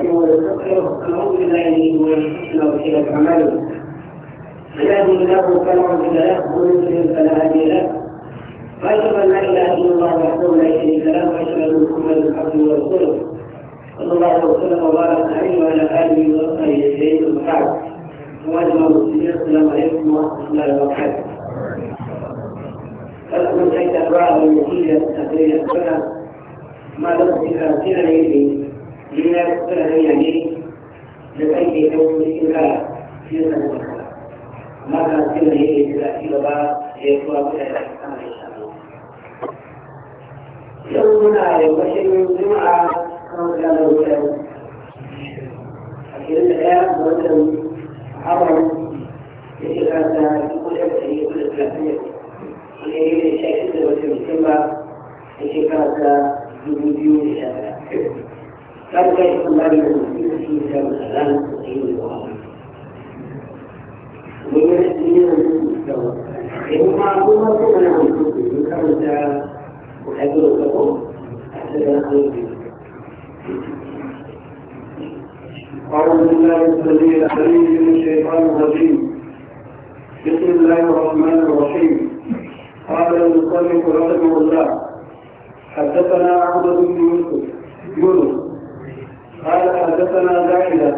ويستغفره فنعوذ بالله منه ويحسن ويحسن اعماله فيهدي له فلا مضل له ومن يضلل فلا هادي له واشهد ان لا اله الا الله وحده لا شريك له واشهد ان محمدا عبده ورسوله صلى الله وسلم وبارك عليه وعلى اله وصحبه اجمعين اما بعد واجمع المسلمين السلام عليكم ورحمه الله وبركاته فلكم كيف انواع والنتيجه التقليديه ما لم تكن سنه لما تكون من يديك لكي يكون بإمكانك في سنة الخلاف ما كان سنة يديك إذا في بابا يكون بإمكانك يومنا يوم الجمعة كما كان يوم أكيد الآن مثلا حرم يجب أن يكون أبدي كل الثلاثية والإيمان الشيخ إذا وجد الكلمة الشيخ هذا يجب أن يكون هذا لا يسمى بالمسلمين في كتاب السلام والدين أعوذ بالله السميع العليم من الشيطان الرجيم بسم الله الرحمن الرحيم قال المصنف رحمه الله حدثنا عبد بن يوسف يونس قال حدثنا زائدة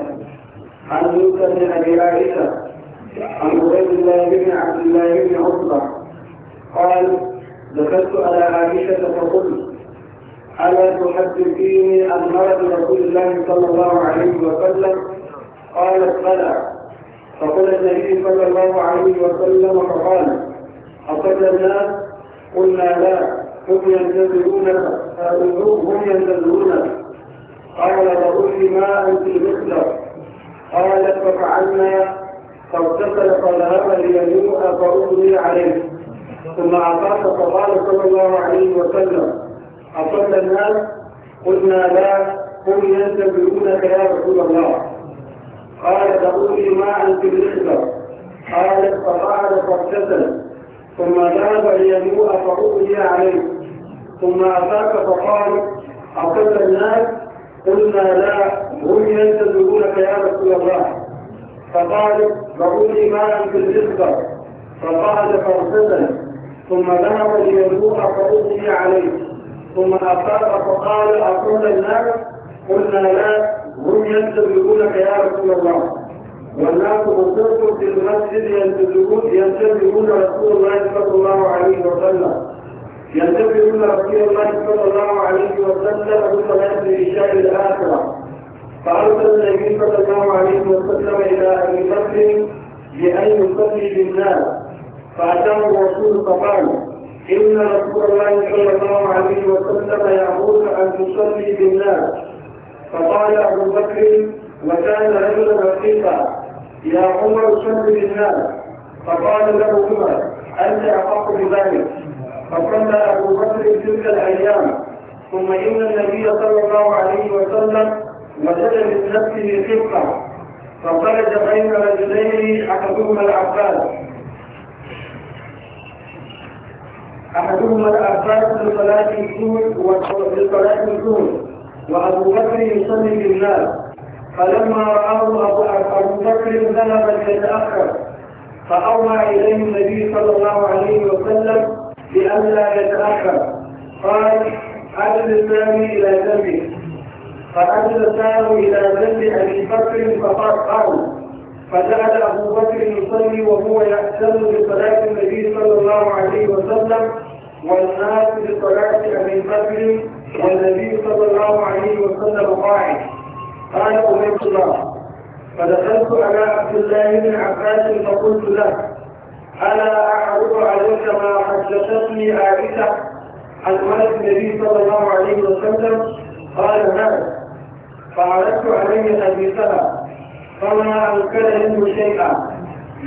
عن موسى بن أبي عائشة عن عبيد الله بن عبد الله بن عصبة قال دخلت على عائشة فقلت ألا تحدثيني عن مرض رسول الله صلى الله عليه وسلم قالت بلى فقال النبي صلى الله عليه وسلم فقال أصل الناس قلنا لا هم ينتظرونك هم ينتظرونك قال لأخي ما أنت مثله قالت ففعلنا فاغتسل فذهب ليموء فاغني عليه ثم أعطاك فقال صلى الله عليه وسلم أصلى الناس قلنا لا هم ينتبهونك يا رسول الله قال تقولي ما أنت بالإحدى قالت فقال فاغتسل ثم ذهب ليموء فاغني عليه ثم أتاك فقال أصلى الناس قلنا لا هم ينتظرونك يا رسول الله فقال ضروري ماء في الرزق فقال فرسدا ثم ذهب ليجوء فأغني عليه ثم أفاق فقال أقول الناس قلنا لا هم ينتظرونك يا رسول الله والناس بصرتم في المسجد ينتظرون رسول الله صلى الله عليه وسلم ينتبه رسول الله صلى الله عليه وسلم ثم يأتي بالشهر الآخرة فأرسل النبي صلى الله عليه وسلم إلى أبي بكر بأن يصلي بالناس فأتاه الرسول فقال إن رسول الله صلى الله عليه وسلم يأمرك أن تصلي بالناس فقال أبو بكر وكان رجلا رقيقا يا عمر صل بالناس فقال له عمر أنت أحق بذلك فصلى أبو بكر تلك الأيام ثم إن النبي صلى الله عليه وسلم وجد من نفسه خفة فخرج بين رجلين أحدهما العباس أحدهما العباس لصلاة وفي صلاه السور وأبو بكر يصلي بالناس فلما رآه أبو بكر ذهب ليتأخر فأوعى إليه النبي صلى الله عليه وسلم لئلا يتأخر قال عدد الثاني إلى ذنبه فعدد الثاني إلى ذنب أبي بكر فقال قال فجعل أبو بكر يصلي وهو يأتل بصلاة النبي صلى الله عليه وسلم والناس بصلاة أبي بكر والنبي صلى الله عليه وسلم قاعد قال أمير الله فدخلت على عبد الله بن عباس فقلت له ألا أعرض عليك ما حدثتني عائشة عن ولد النبي صلى الله عليه وسلم قال نعم فعرضت عليه حديثها فما منه شيئا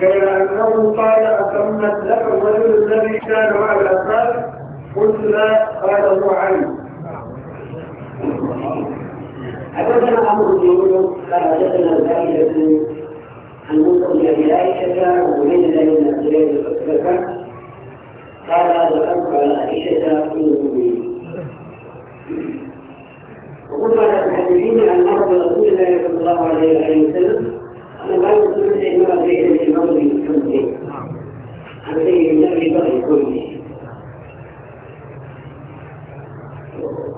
غير أنه قال أتمت لك الرجل الذي كان مع الأسباب قلت لا قال هو عنه حدثنا عمرو بن يوسف قال حدثنا الزاهد بن عن موسى بن ابي عائشه ومن بين الجليل بكر قال ذكرت على عائشه كل المؤمنين وقلت على المحدثين عن مرض رسول الله صلى الله عليه وسلم ان لا يصيب في بين الامام بالحمد عن سيد النبي بغي كله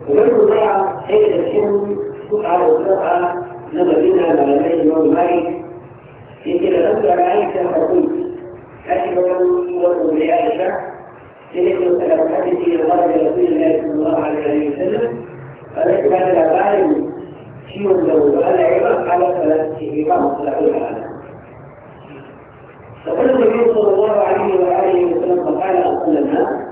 ومن ضاع سيد الحمد سبعه وسبعه نبى منها على الامام مالك يمكن الأولى عائشة تقول أشهر وأولئك لنحن تلوحته في غرب رسول الله صلى الله عليه وسلم فنحن هذا العالم شيء له وهذا عبر على ثلاثة الله عليه وسلم فقال النبي صلى الله عليه وآله وسلم فقال أقول الناس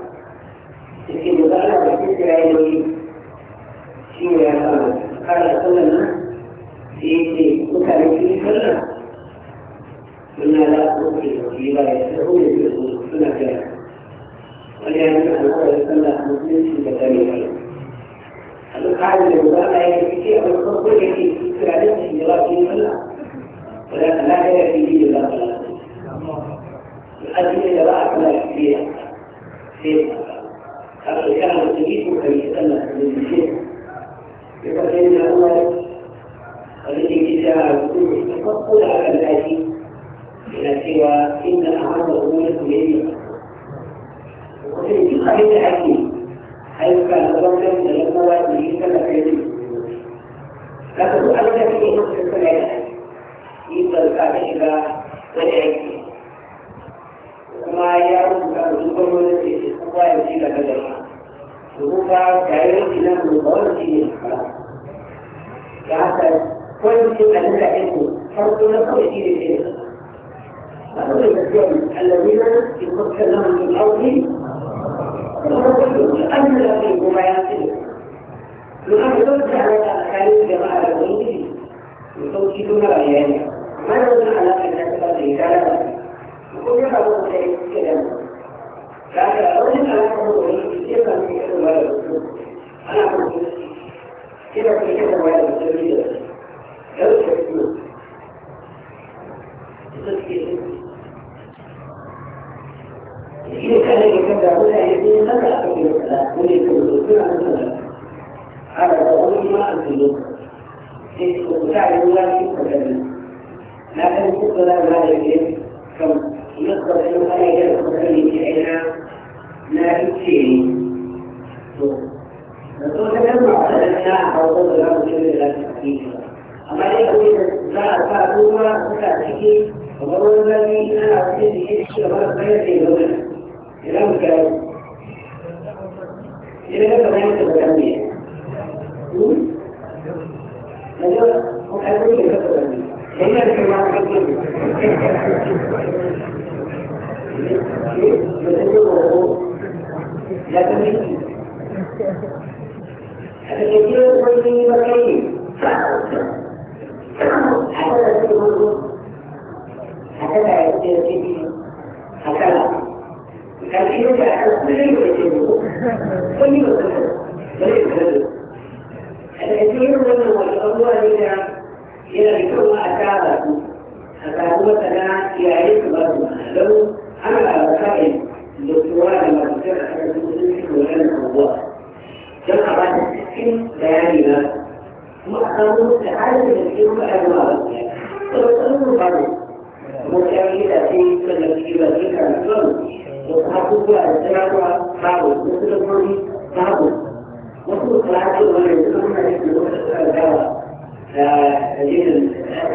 علاقة أكانت جماعة الغنوبي يتوكلون بيانها ما نظن علاقة ناسبة لإدارة وكل حاجة شيء كلام لكن أظن علاقة الغنوبي كثير من كثير ما يقول أنا أقول كثير من كثير ما يقول لو تكتب إذا كان يكذبون يدين فلا أقول لك لا أقول لك على الضروري ما أنزله إيه، وتعرف لا شيء لكن بالنسبة لهذا الشيء كم يقدر أنه أنا جالس أصلي شيئا لا يكفيني نقول لهم على الأشياء أو ضد الأمر شيء لا تكفيني أما يقول لا فاتوما تكفيني وهو الذي أنا أريد أن يشتغل ما يكفيني إلى مكان إلى مكان لكن الكثير من المكيد حتى يكون حتى لا يصير فيه هكذا كان في وجه كل يوم الكثير من zuwa ne da yana da kyau a tara su a samu masana iyaye su ba su don ana da alƙa'in da tuwa da masu kyau a kan su sun fi koyar da abubuwa don a ba ta cikin bayani na kuma a samu da halin da ke kuma a zuwa ba su ba su ba su kuma ya yi da sai sannan su ba su kan su wasu abubuwa da sanarwa babu wasu dabbobi babu wasu kalashi wanda suka kuma da su da dawa تجد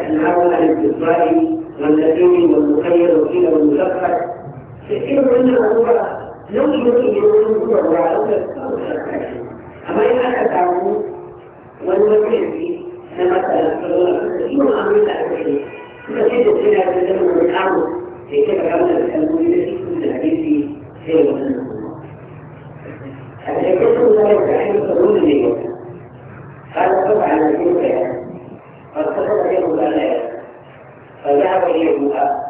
المعنى الاستقرائي واللبيب والمخير والكيل والمشقق كثير من الامور لو يمكن ان يكون وعلى اما ان اتى والمكان فيه كما تذكرون كثير امر لا تشرك تجد الى تجمع الامر في كيف كان المدير في الحديث خير من حتى يكون ذلك عند حلول قال طبعا الكيف قد كتب يده الا فذهب اليها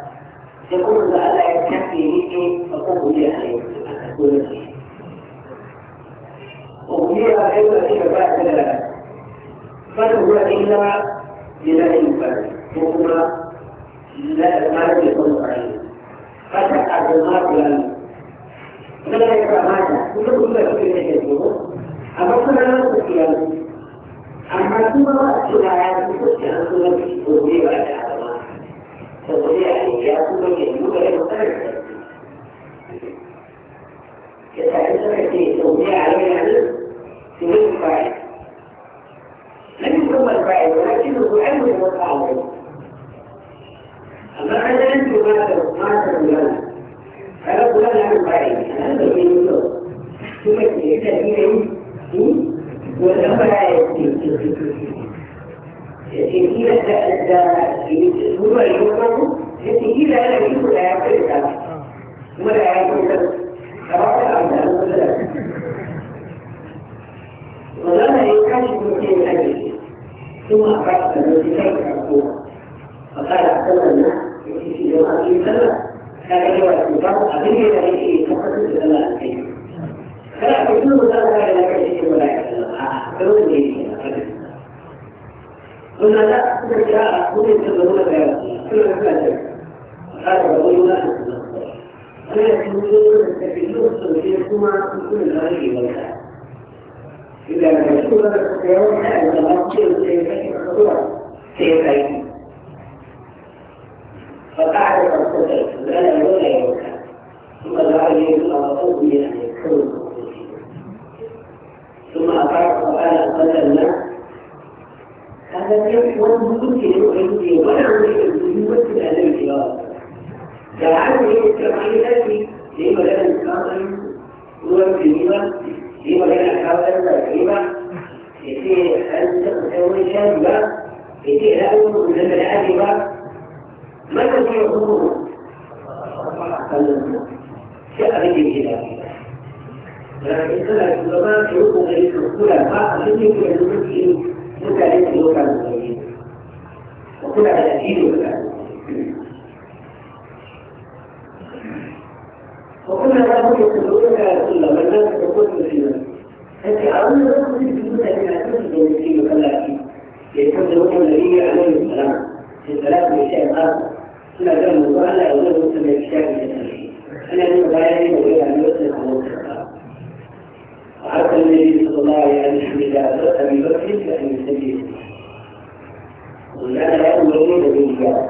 يقول لئلا يكتفي به فقد وجه عليه وكلها كلمة في مكان ثلاثة فتقول إلا لله المفرد ثم لا ما لم يكن عليه في النار لنا فلا يفعل هذا كل كل شيء يجوز أما كل الناس في أما ثم وقتها يمكن أن تمكن تولي بعد هذا تولي عليها تمكن يمكن أن كذلك تولي عليها تمكن الفاعل لم يكن الفاعل ولكنه علم الوقع عليه أما أنا أنت ماذا ماذا تقول فلا تقول أنا الفاعل أنا الذي يمكن تمكن الفاعل والأولى يتيجي هو يوم يتيجي لا يجوز لا يعقل ولا يعقل ولما يكشف مكان الأجل ثم أخذت التي تكره فقال أحسن الناس يأتي في يوم أبي سلمة كان يوم أبي سلمة أبي سلمة يأتي فقط سلمة فلا يكون مطلقا لا كشيء ولا يكلم فمن به قلنا لا من شاء هم يتبعون بيانه كل ما كان هذا هو يناسب ولا يكونون يستفيدون تفسيركما في كل الغريب والحال إذا لم يكن هذا التفسير حال فلا يصير سيفين خطورا سيفين فقعد الصدر لا ولا يوكل ثم دعا اليه الله من ان يكون ثم أطاعه قال قتلنا هذا كيف ممكن يؤذي ولا يمثل هذا الجواب جعلني كفيلتي لما لا نتقاطع صورة كريمة لما لا نتقاطع كريمة يتي أن تكون شابة يتي الأول من العاجبة ما تكون حضور شاء به كذلك لكن أنا العلماء في حكم الخلفاء لم يكن المسلم متعلق بلغة المسلمين وكل على دين وكنا لا نملك لغة إلا من لا تكون مسلما لكن أظن أن في المسلمين تسلم مسلم فلا يكون لغة النبي عليه السلام في الثلاث من شيء آخر سنة الموضوع لا يوجد مسلم في الشافعي الذي بيان وغير أن يسلم المسلم عبد النبي صلى الله عليه وسلم ابي بكر فان يسجد ولا يامرون بالجاه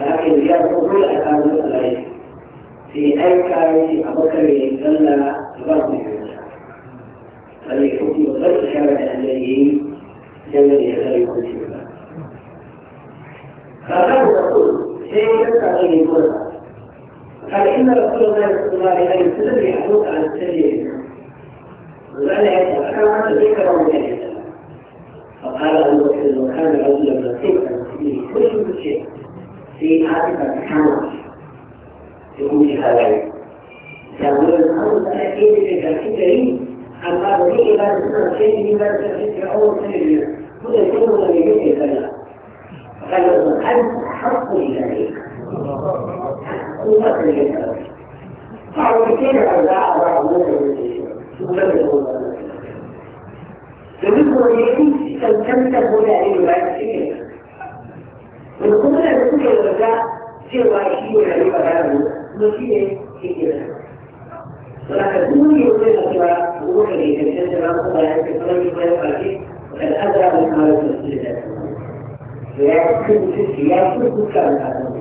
لكن جاء الرسول اكان عليه في اي كان ابو بكر يتسلى برضه فليحكم غير شرع عليه جل يخلي كل شيء فقال الرسول شيء يستطيع ان هل ان رسول الله صلى الله عليه وسلم يحوك على السجيه فقال أبو بكر وكان رجلا نصيحا في كل شيء في عاصفة حمص في أم هذين يقول الأمر تأكيد بتركيب كريم أما بني إلى سنة شيء من تركيب أول سنة كل شيء من يجيب إلى فقال أنت حق إليك أنت حق إليك فأول كلمة أرجع أضع أمور بالنسبة لي تنتمي هنا للوعي من قبل أن تكون الرجاء في وعيه يعني مكانه نسيه كثيرا ولكن كل يوم الأخرى روح لي من جنة ما قبل أن تكون من وعيه وقد أدرى من ما يتسلل ويأكل في السياسة كل كان هذا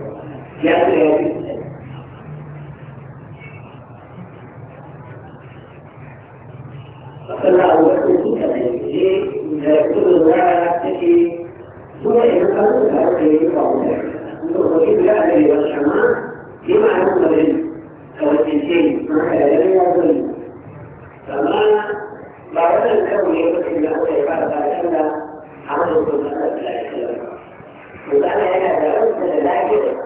يعني فكما هو يكون ليه يكون الوعي التي هو يقول لك يقول لا أدري والشمال لما يقول بالعلم أو الجنسين ما لا يدري يقول فما بعد الكون يقول إلا أن بعد عمل القرآن لا يكلم وقال هذا أنت لا يكلم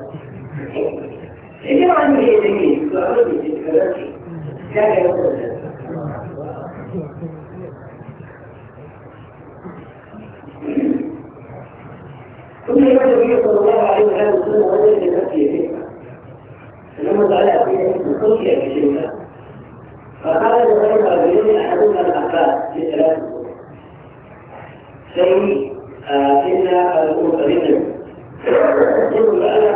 اللي ما عنده شيء جميل كان يقول ثم يقول النبي صلى الله عليه وسلم رجل لنفسه فكره لما طلع في توفي بشبهه فقال لغير رجلين احدهما العباس في ثلاث شيء فينا آه، الامور فينا يقول انا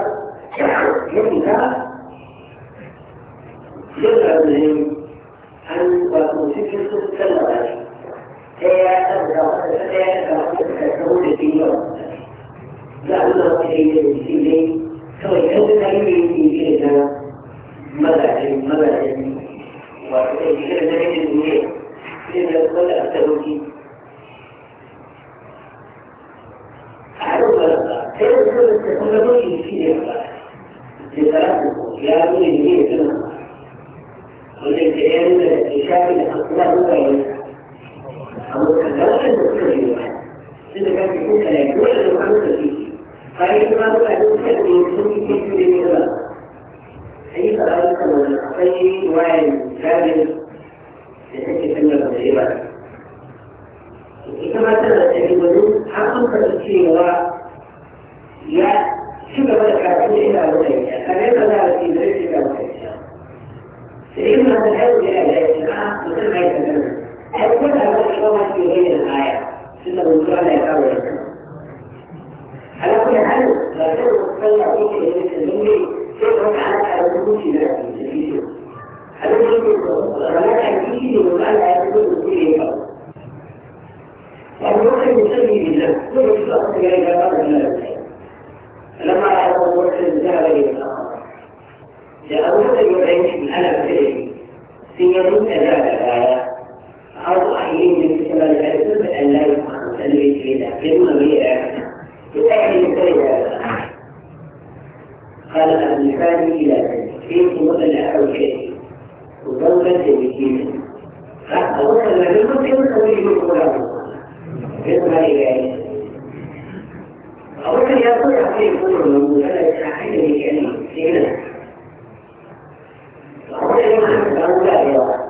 يعني ممكن يسمي كل شيء أصلا إلى قبل الله فلما رأى أبو بكر ذهب إلى الآخر جاءوه يعيش بالألم فيه في يوم تجاهل الآية أو أحيين من كمال العلم أن لا يفهم تلوي فينا كلمة بيئة يتأكد كلمة قال أبن الحادي إلى فيه مثل أو شيء وزوجة بكيمة فأوصل لكم كيف تقول لكم بالنسبة إليه أولا يقول أخي كل مجرد تحديد الكلمة سينا وأولا يمعنى أولا أيضا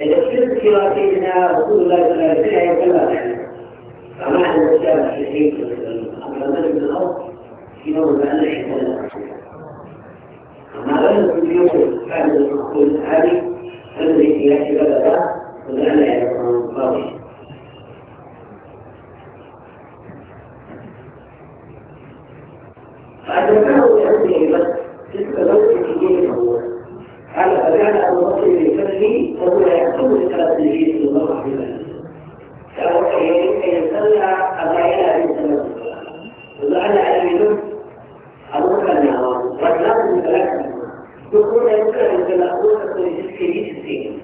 الاسلوب سوى سيدنا رسول الله صلى الله عليه وسلم فمعنى الاسلام في سيدنا أما من الأرض في نور بأن الحسن أما غير اليوم فعل المقول هذه الذي يأتي بلده ولا يكون باطلا فأدفعه لأنه بس تلك الوقت الجيل الأول على فبعد أن نصل لفرجه فهو يحكم لثلاث الجيل صلى الله عليه وسلم كي يصلى قضايا عليه السلام وجعل على منه أبوك النهار والناس من ثلاثة يقول يمكن أن تلاقوك في جسدي جسدين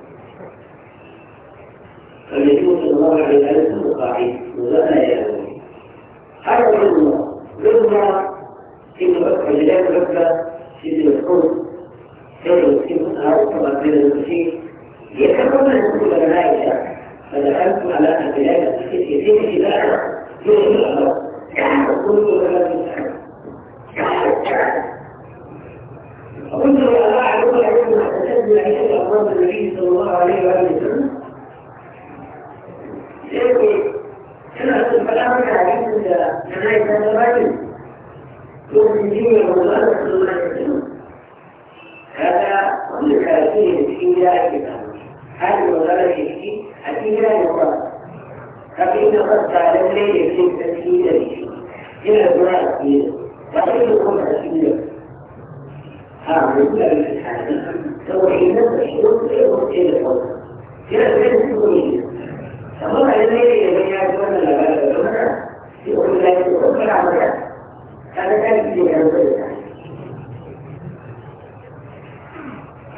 فالنبي صلى الله عليه وسلم قاعد وزاد يا أبوي هذا هو الله إنه الكلمات الرسلة سيد الحكم سيد الحكم أو طبعا من المسيح يكفرون أن تكون الملائكة فدخلت على البلاد التي يتم اتباعها يوم الأرض وكنت بلد مسلم وكنت لا أعلم أنها تسد عيسى أمام النبي صلى الله عليه وآله وسلم لكن أنا أقول فلا أمر عليك أن تنعي هذا الرجل يؤمن به ويغلق ثم يسلم هذا كل هذه في ذلك هذه الغلبة في أتينا يقال فإن قد تعلم لي في تسهيل به إلى الدعاء فيه وإنكم أسئلة هذا الحاجة توحيد الشروط غير الحكم إلى البيت الدنيا فهو الذي يجعل لنا في كل ذلك هذا كان فيه عن كل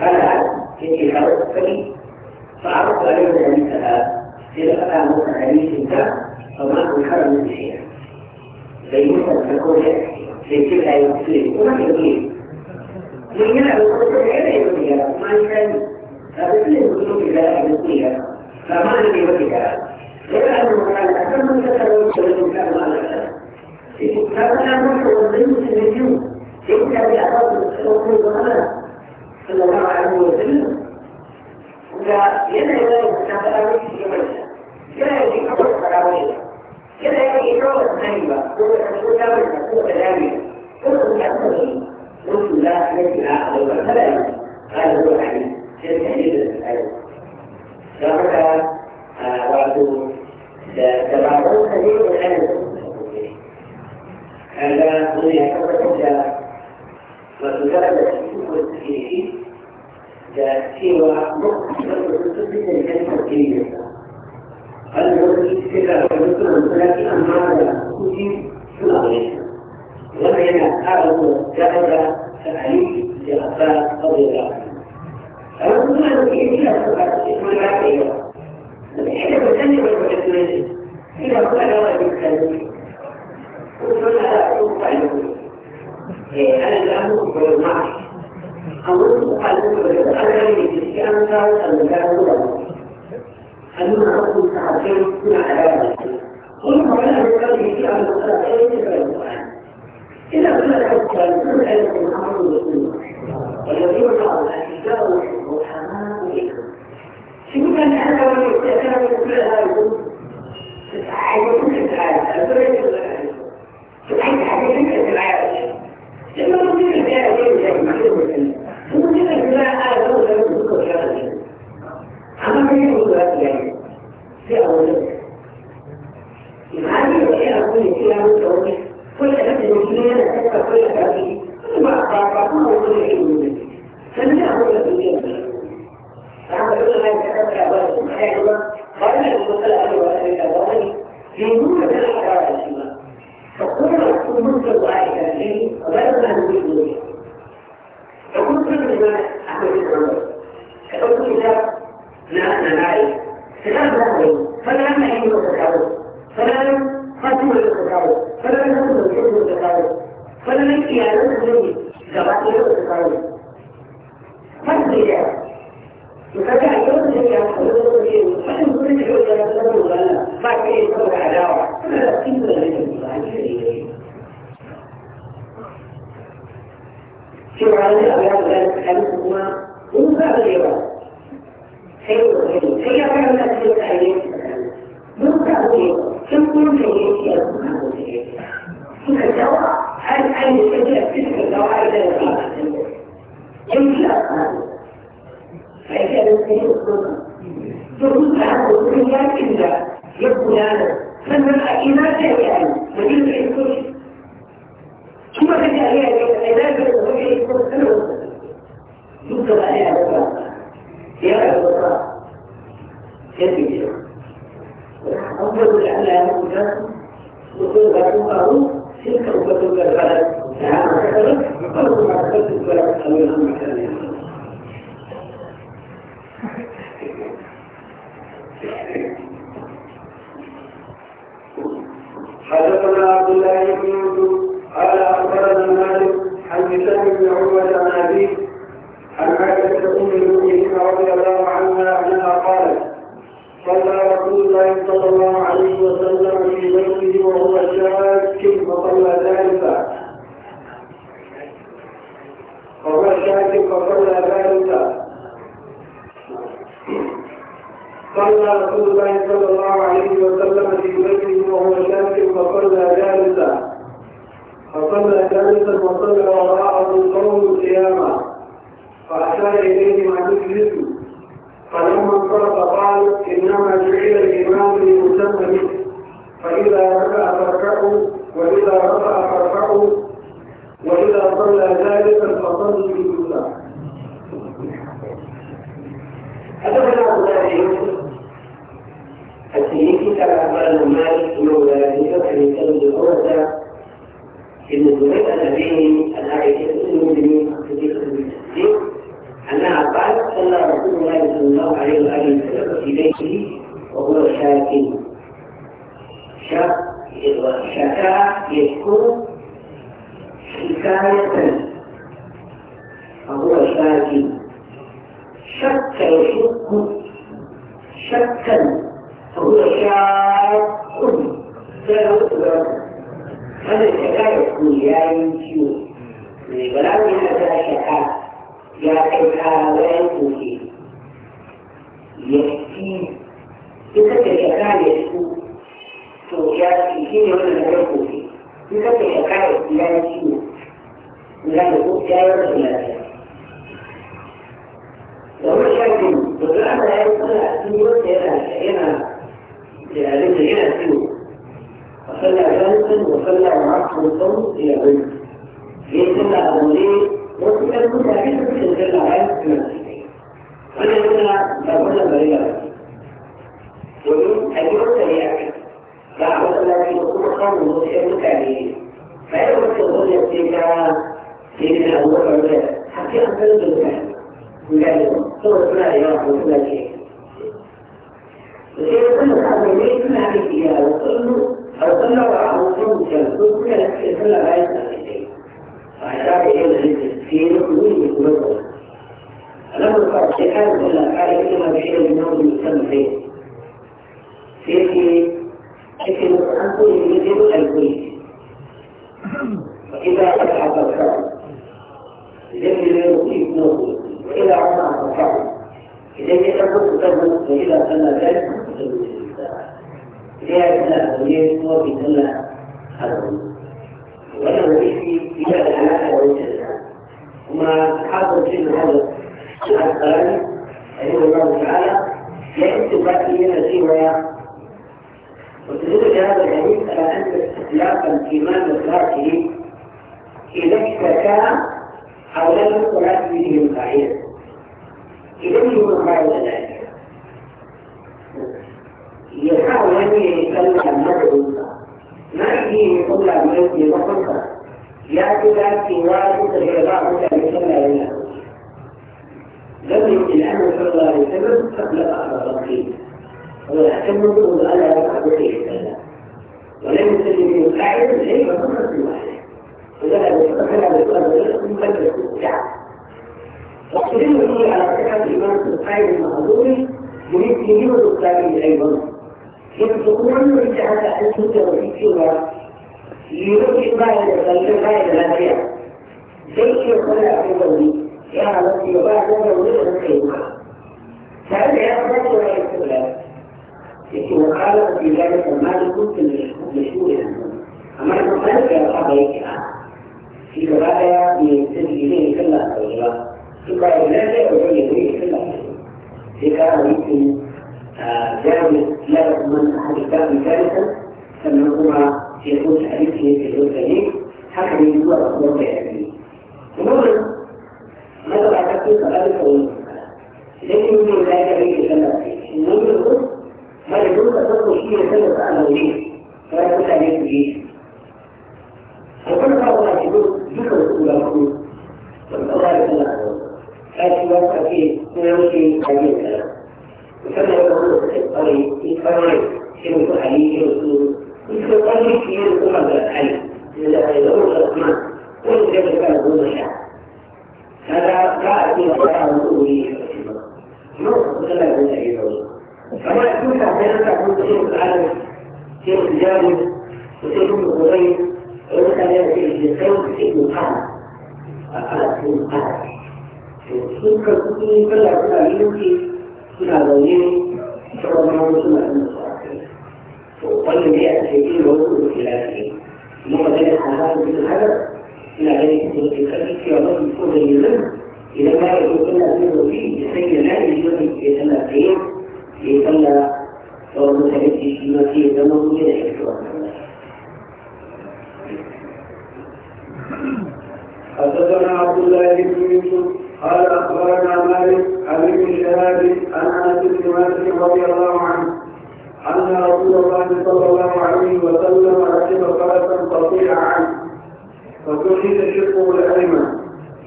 قال في الحرب فلي فعرضت عليه النبي صلى الله عليه وسلم في حديث ما فما انكر من شيئا فيمكن تكون في كل اي مسلم وما يقول من يلعب القدر غير يوميا ما يكن فبكل الوجود الى المسلمين فما لم يوجد هذا غير انه كان اكثر من ذكر وجود الانسان على الاسلام فكان منه الظلم في النجوم إلا بأرض الرسول والأمانة صلى الله عليه وسلم ويدعي الله تعالى في مجلسه لا يجي أول فراغيه كده يعني إجابة نايمة هو الرسول دائما هو كلامي كل مكانه رسول الله الذي أخذ وسلم قال هو الحديث شركة وعدو تبعون كثير من أهل عندما هناك تبدا وتجرد تشوف التكليف سوى مقصد التكليف الذي كتب الرسول من ثلاث أمراض كتب سنوية لما ينعقد جعل فعلي لغفاء رضي الله عنه الرسول الذي كتب اسم العقيدة من حيث الثاني والمحسنين إذا كان واجب كذلك أنا الأمر بالمعرفة أمرت أن أدري أن كان المكان هو أن أقول ساعتين من عذاب كل مرة أن أدري أن المسألة إلى كل شو على أبيض أمثلهما من بعض الروايات خير خير هي فعلا تلك أيام من بعض الروايات كم كل شيء يسمعه تلك الدواء هل أن يستجيب تلك الدواء إلى الإمام يمشي أصحابه فإذا لم يكن فقلت عنه الدنيا إلا يبدو لنا فمن الأئمة يعني مدينة الكرسي ثم بدأ هي العبادة ايه كله يكتب عليها بقى يا بقى كيف أفضل لعل أنك وكل بعدهم قالوا تلك أمة قد خلت نعم كفرت فقالوا ما كفرت ولا تسألون عما كان يعملون حدثنا عبد الله بن هشام بن عروة عن أبيه عن عائشة أم المؤمنين رضي الله عنها أنها قالت صلى رسول الله صلى الله عليه وسلم في بيته وهو شاك فصلى ثالثا وهو شاك فصلى ثالثا صلى رسول الله صلى الله عليه وسلم في بيته وهو شاك فصلى ثالثا فصلى جالسا وصلى وراءه قوم القيامة فأشار إليه ما تجلس فلما انصرف قال إنما جعل الإمام لمسلم فإذا ركع فاركعوا وإذا رفع فاركعوا وإذا صلى ثالثا فصلوا في بالصلاة. حدثنا أبو التلميذ كان أخبرنا مالك مولى بن بكر بن الأوسع ان الزوجين اللذين الآية كل المؤمنين صديق المسلمين أنها قالت صلى رسول الله صلى الله عليه وآله وسلم في بيته وهو شاكي شاك شكا يشكو شكاية فهو شاكي شك يشك شكا فهو شاك فهو kada ka kare ku yayin ciwo mai bala'i na ta shaka ya kai kara bayan koke ya ci duka da shaka ya su to ya ci shi ne wani bayan koke duka da shaka ya ci yayin ciwo ya da ko ya yi rasu lafiya Gracias. هذا الحديث على أن استخلاف الإيمان الذاتي إذا اشتكى أو لم يقل به الفعيل إليه من فعل ذلك يحاول أن يتكلم عن هذا ما يجيه يقول له ما يجي وخلصه يأتي ذلك واجب لا الذي إلا إلى لم يكن الأمر صلى الله عليه وسلم قبل أخر الرقيب ويحتمل أن لا يقع بخير ولم يسلم مستعجل شيء فقط في واحده وذهب يستقر على السؤال ثم بدا يستعجل واقتدموا به على صحه الايمان الصحيح المعذور بمثله والتابعين ايضا يمسكون بجهه الحجه والحكمه ليرجع ما يتغير ما يتغير شيء يطلع في قلبي يا ربي وبعد ما يريد ان يقول فهذا يا رب ولا يقول لك وقال في ذلك مالك كل مشهورة أما في كبايا كلها طيبة في كبايا وجودين كلها في كان يمكن جامد لا من أحد الكتاب ثالثا فمن هو يكون حديثه في الأولى حكم هو أخبار بأبيه عموما نظر على تكتيك ذلك لكن من ذلك بيت سلف إنه ما يجوز أن تكون فيه سلف فيكون عليهم ايه؟ وكل هؤلاء يقول ذكر الاولى الخروج صلى الله عليه وسلم لكن وقع فيه من المسلمين هذه الكلام وكما يقول في الطريق في الطريق شرك علي رسول وفي الطريق في الامر علي الامر الرحمن والذي كان هو هذا رأى في وقعه شيخ الجابر وشيخ ابن قريب ويقول عليها شيخ الجسام شيخ القلم أقلت من القلم شيخ كل كل أقول يمشي كل أولين شعر ما هو سنة المصارفين وقال لي أسفين وقلت خلافين ثم ذلك حالات من الحدث إلى ذلك تلك في عمر الكون اليمن إذا ما يكون كل أمر فيه يسير لا يجوز يتم فيه يتم حدثنا عبد الله بن يوسف قال اخبرنا مالك عن ابن شهاب عن انس بن مالك رضي الله عنه ان رسول الله صلى الله عليه وسلم ركب فرسا قطيع عنه فكحل شقه الايمن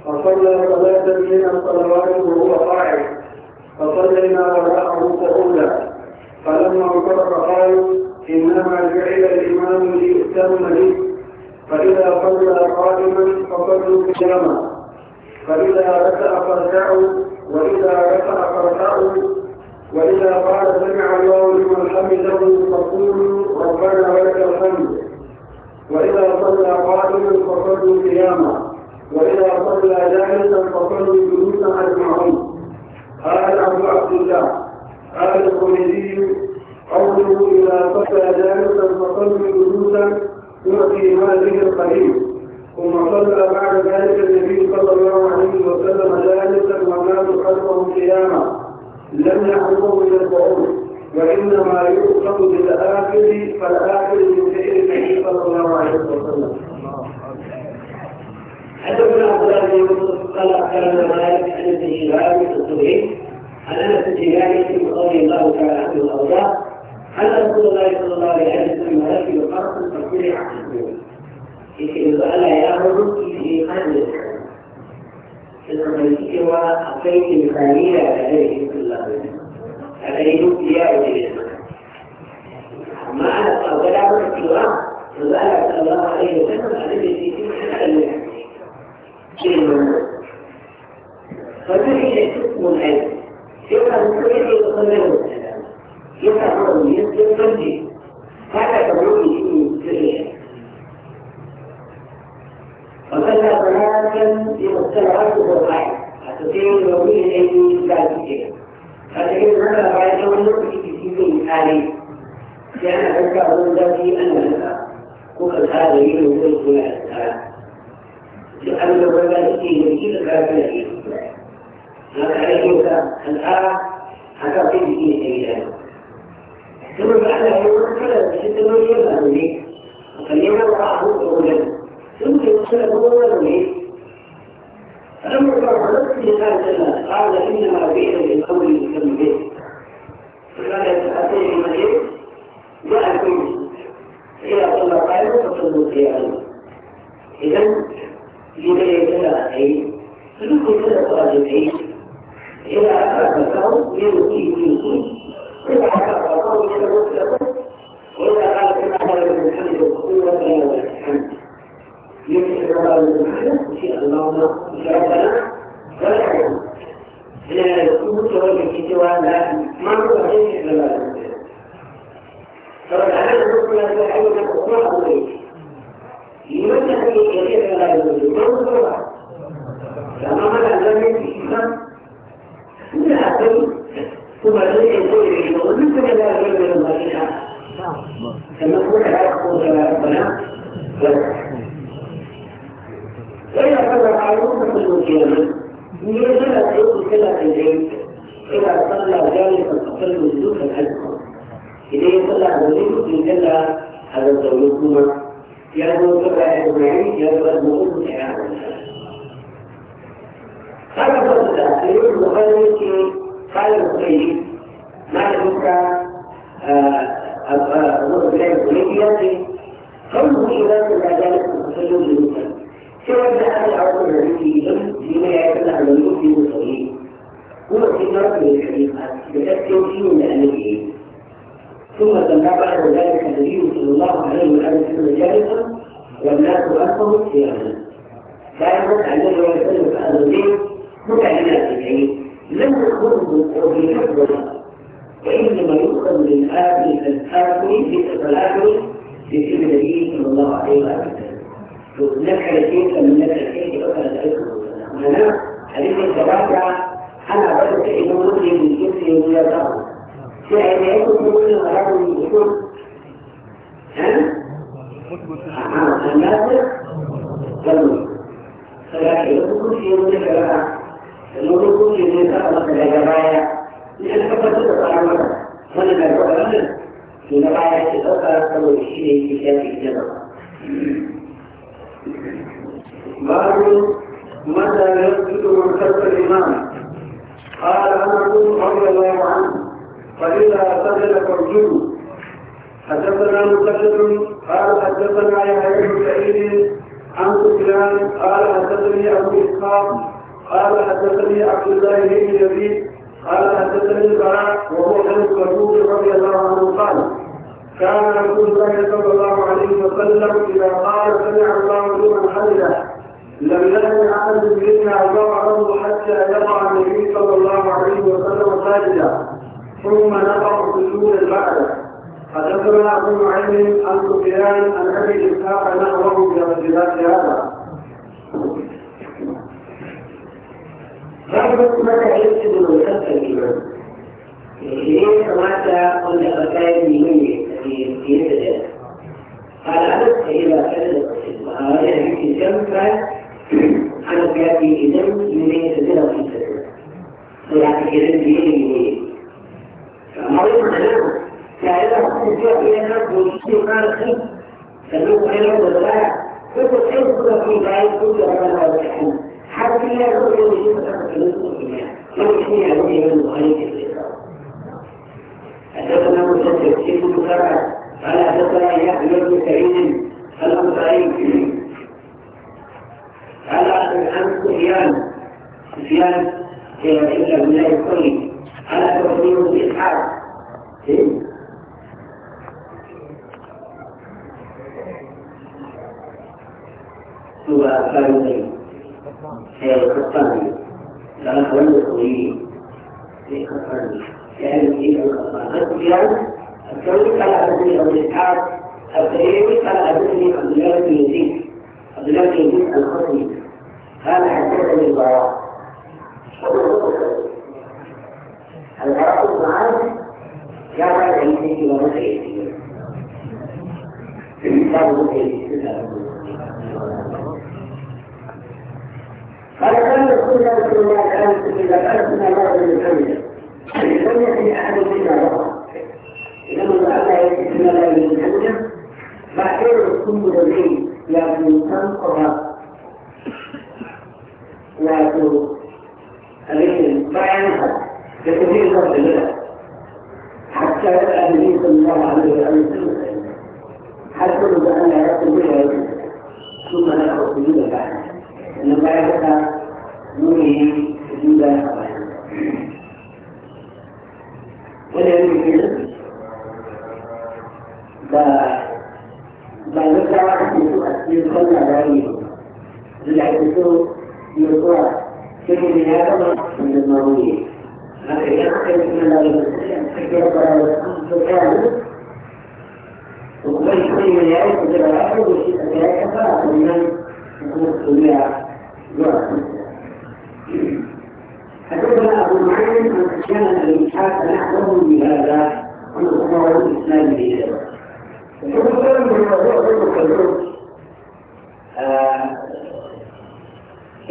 فصلى صلاه من الصلوات وهو قاعد فصلينا وراءه فاولى فلما انصرف قالوا انما جعل الامام ليؤتم به فاذا صلى قائما فصلوا قياما فاذا ركع فاركعوا واذا ركع فاركعوا واذا قال سمع الله لمن حمده فقولوا ربنا ولك الحمد واذا صلى قائما فصلوا قياما واذا صلى جالسا فصلوا جلوسا اجمعين هذا ابو عبد الله قال الخليجي قوله إذا صلى جالسا فصل جلوسا يعطي هذه القليل ثم صلى بعد ذلك النبي صلى الله عليه وسلم جالسا ومات خلفه قياما لم يعلمه من القعود وإنما يؤخذ بالآخر فالآخر من فعل النبي صلى الله عليه وسلم حدثنا عبد الله بن يوسف قال اخبرنا مالك عن ابن في التوحيد عن انس بن مالك رضي الله تعالى عنه وارضاه ان رسول الله صلى الله عليه وسلم ركب فرسا فقلع عنه يمكن الا يامر في قلب الحكم العمليه وابقيت مثاليه عليه صلى الله عليه وسلم عليه يا يقال المعنى اللهم ربنا ولا علم هنا يكون توجه في سوى لا ما هو شيء الا لا فالعمل المسلم لا يعلم ما هو لمن تكون كثيرا لا يوجد ما هو سوى فما معنى لم يكن لا أقل ثم الذي يقول يقول مثل لا يقول من الله شيئا كما قلت لا يقول ربنا إلى هذا معلومة المجال يجب أن كلا إليه إذا صلى ذلك القتل من دون الأجر إذا صلى ذلك من كلا هذا الدولة يجب كلا أجمعين يجب أن نقوم بإعادة هذا هو التأثير المخالف قال الخير ما لك الرسول الكريم قوله إذا كان ذلك التسلل كيف أن أعود الذين لما يكون على في مصري هو في نظر الحديثات بتكتب فيه من أمره ثم سمع بعد ذلك النبي صلى الله عليه وسلم جالسا والناس أكثر صياما كانت عليه وسلم هذا البيت متعلمات العين لم تخرجه بحفظها وإنما يؤخذ من آخر الآخر في في النبي صلى الله عليه وسلم هناك حاجتين هناك حاجتين في انا ذاكرهم انا حديث التوابع انا بدات انه مدري من جنسي ويرضاه في عينيكم كل غرام من يكون ها؟ الناس يلا فلكن في شيء في باب متى يسجد مرتد الإمام قال أنس رضي الله عنه فإذا سجد فارجو حدثنا مسجد قال حدثنا يا أبي سعيد عن سفيان قال حدثني أبو إسحاق قال حدثني عبد الله بن يزيد قال حدثني البراء وهو عن الرسول رضي الله عنه قال كان رسول الله صلى الله عليه وسلم إذا قال سمع الله لمن حمده لم يكن أحد منا ضربه حتى يضع النبي صلى الله عليه وسلم ساجدا ثم نضع سجودا بعده حدثنا أبو نعيم عن سفيان عن أبي إسحاق نحوه برجلات هذا Babu kuma da yake da musamman kiran, ne يأتي إذن يريد الزنا في السبيل ويأتي إذن بيده فمريض منام فإذا كنت يأتي الناس ويشتري قال خير فلو كان يوم الغلاء فقد حيث كل في بعيد كل ما هو الحين حتى لا يكون يجب أن تكون ويحمي عليه من الغلاء حدثنا مسدد في المكرر قال حدثنا يحيى بن سعيد الانصاري على عن سفيان سفيان في إلى الله الكلي على تقديم الإسحاق هو الثاني هي القطاني كان أول الكلي سفيان؟ لأن في القطاني سفيان الكلي على تقديم الإسحاق الكلي على تقديم عبد الله بن يزيد عبد الله بن يزيد الخطيب هذا حدثني براء البراء بن عازب كان عيسى ومن عيسى قال كان رسول الله صلى الله عليه وسلم اذا كان كنا نرى من الحمد لم يكن احد منا رأى انما لعل يكفي لا من الحمد فاعتبر كل ذنب لكن تنقض wato rikin bayan haka da kuma yin kawai da hatta da ɗalibin sallallahu alaihi wa sallam har kuma da Allah ya kuma ya yi su mana a wasu yi da bayan na bayan haka mun yi su da a bayan wani yanzu ke nan ba ba zai kawo ake so a cikin sallah da yi ba da ake so يقول كلمة لا تضرب من المروية لكن يختلف من الذي يقرأ القرآن وكل كلمة لا يقدر على وشيء لا يقرأ من يقول بها حدثنا أبو معين عن سفيان بن إسحاق نحوه بهذا عن عمر بن إسلام بن وكما كان من الموضوع غير مكلف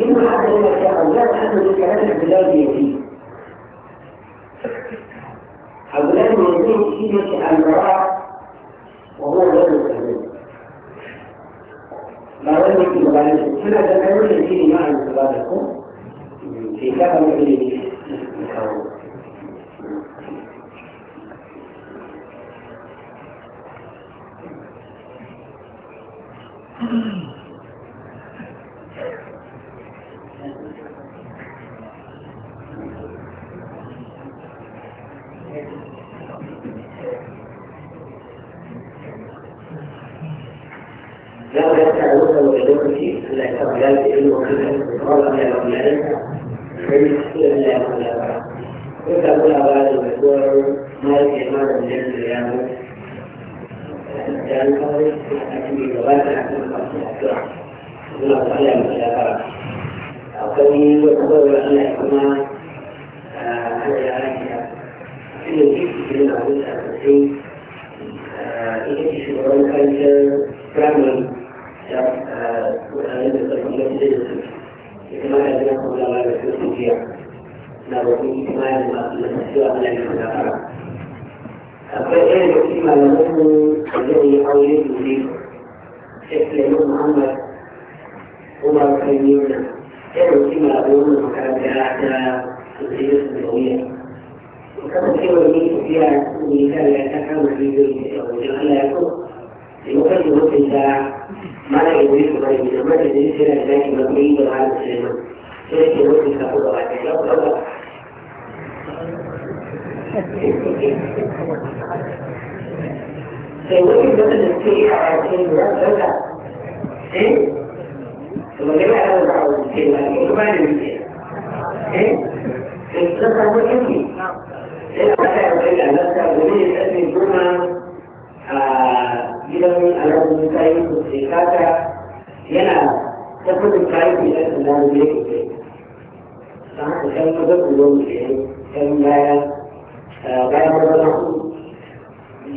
إما حتى لما شاء الله حتى بالكلام بالله يزيد أولاد يزيد المرأة وهو غير مستعمل ما لم يكن مبالغة كما تفعلون مع انتظاركم في كتاب العلم Mm-hmm. إسلام محمد عمر كريمنا كانوا فيما يقولون كانت على الجيوش النبوية وكانت كما يجب فيها مثال يتحمل في ذلك وجعل يكون يقدم في الساعة ما لا يدرك غيره ما تدرك إلى ذلك مبني على السلام ذلك يمكن تقول غيره sai wani da da ke yi a cikin ruwan zanga eh kuma ne ba da ba wani ke ba ne kuma ne ne eh sai da ka wani ne sai da ka yi da nan ka wani da ne kuma a gidan alamun kai ko sai kaka yana tabbatar kai ne da nan ne ke kai dan ka san da ku wani ne kan baya bayan wannan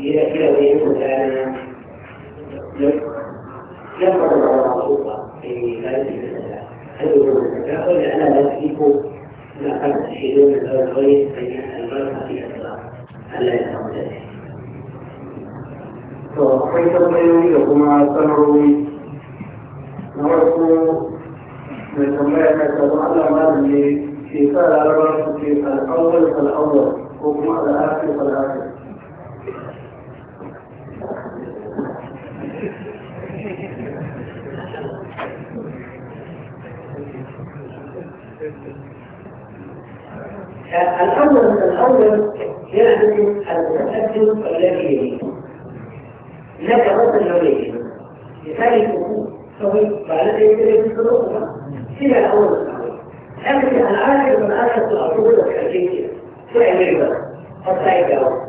إذا كان بينهم كان يفرض على في هذه المسألة هل يكون الزكاة ولا أنا لا أملك من أول غير بين المرأة في الإطلاق ألا يفهم ذلك. فكيف تبين لكما تمرون نرجو من تنبيه تتعلم هذه في فعل الأول فالأول فالأول وكما الآخر الأول الأول يعني المتقدم والذي يليه لك مثل يليه لذلك سوي بعد ذلك الصدوق إلى الأول الأول لكن الآخر من آخر الأصول الحقيقية فعل البر الصعيد الأول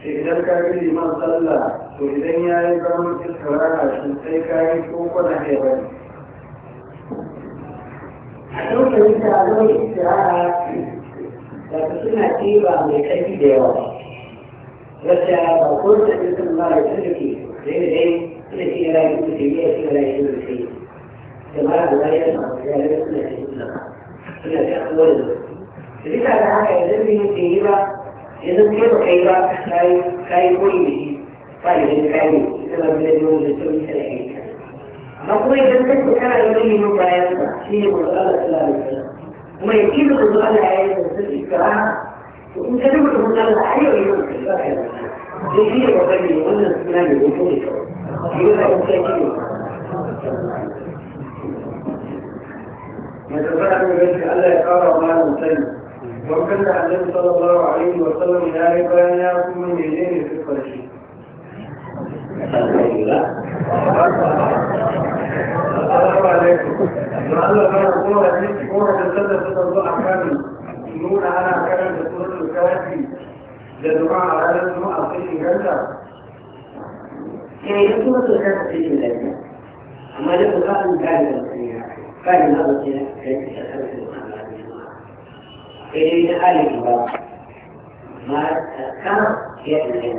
idan ka bi liman sallah to idan ya yi zaman iskarara shi sai ka yi koko na kai bane a lokacin da a zama iskarara daga suna ɗiba mai ƙarfi da yawa wacce ba ko ta ji sun ba da sun ke dai da dai suna ci yara yi su tafiya su yara yi su tafiya da mara da zai yana ya yi suna ci suna suna ci a kowane lokaci. Da duka da haka idan bai yi ba إذا كيف كيف كاي كاي كله طيب كاي إذا من اليوم لسوي سنة نقول إذا كنت كان يبني من بيان في مسألة لا وما يكيد المسألة هي مسألة الكراهة وإن كتب المسألة هي ويوم الشرع يجي وبني ولا الإسلام يقول يقول لك كيف ما تفعل من الله يقرأ الله مسلم وكان النبي صلى الله عليه وسلم لا من يأكل من يدين في القرشي السلام عليكم لعل كان قوة التي قوة السنة تتضع كامل نور على كلام تقول الكافي لدعاء على الدعاء في الجنة يعني إيه، يكون الكافي في الجنة أما لو كان كان كان هذا الشيء كيف يتحدث إلى الألف ما كان يأتي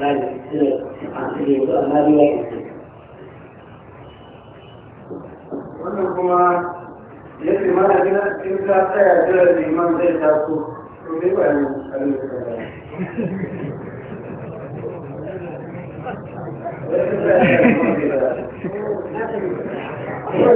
بل ما بيأتي wannan kuma ya ce mana gina cikin ta tsaya jira liman zai taso to dai ba ne da ka gani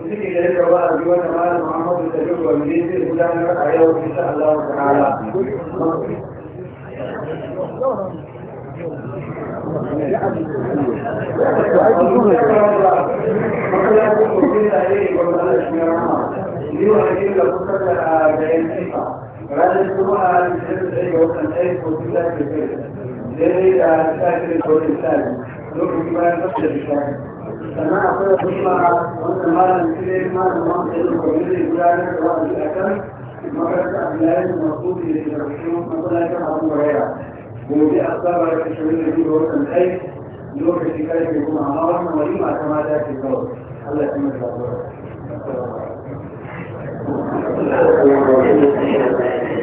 وذكر ذلك بقى جوانا مال محمد التجربة والمدينة المدامة عليه إن شاء الله تعالى Thank you. sannan akwai wasu wanda malam shi ne malam wanda ya zuwa wani zai gudanar da wa'azi a kan makaranta abdullahi da masudu da ke rarrashi masallacin abu waraira gobe a saba da shirin da biyu watan ɗai lokaci kare ke kuma amma wannan wani ma ta mata ce kawai allah ya kuma jagora